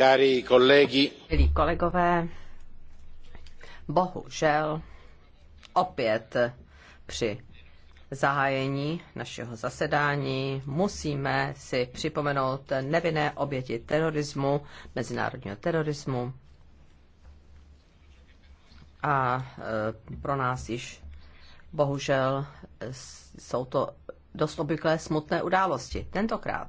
Milí kolegové, bohužel opět při zahájení našeho zasedání musíme si připomenout nevinné oběti terorismu, mezinárodního terorismu. A e, pro nás již bohužel jsou to dost obvyklé smutné události. Tentokrát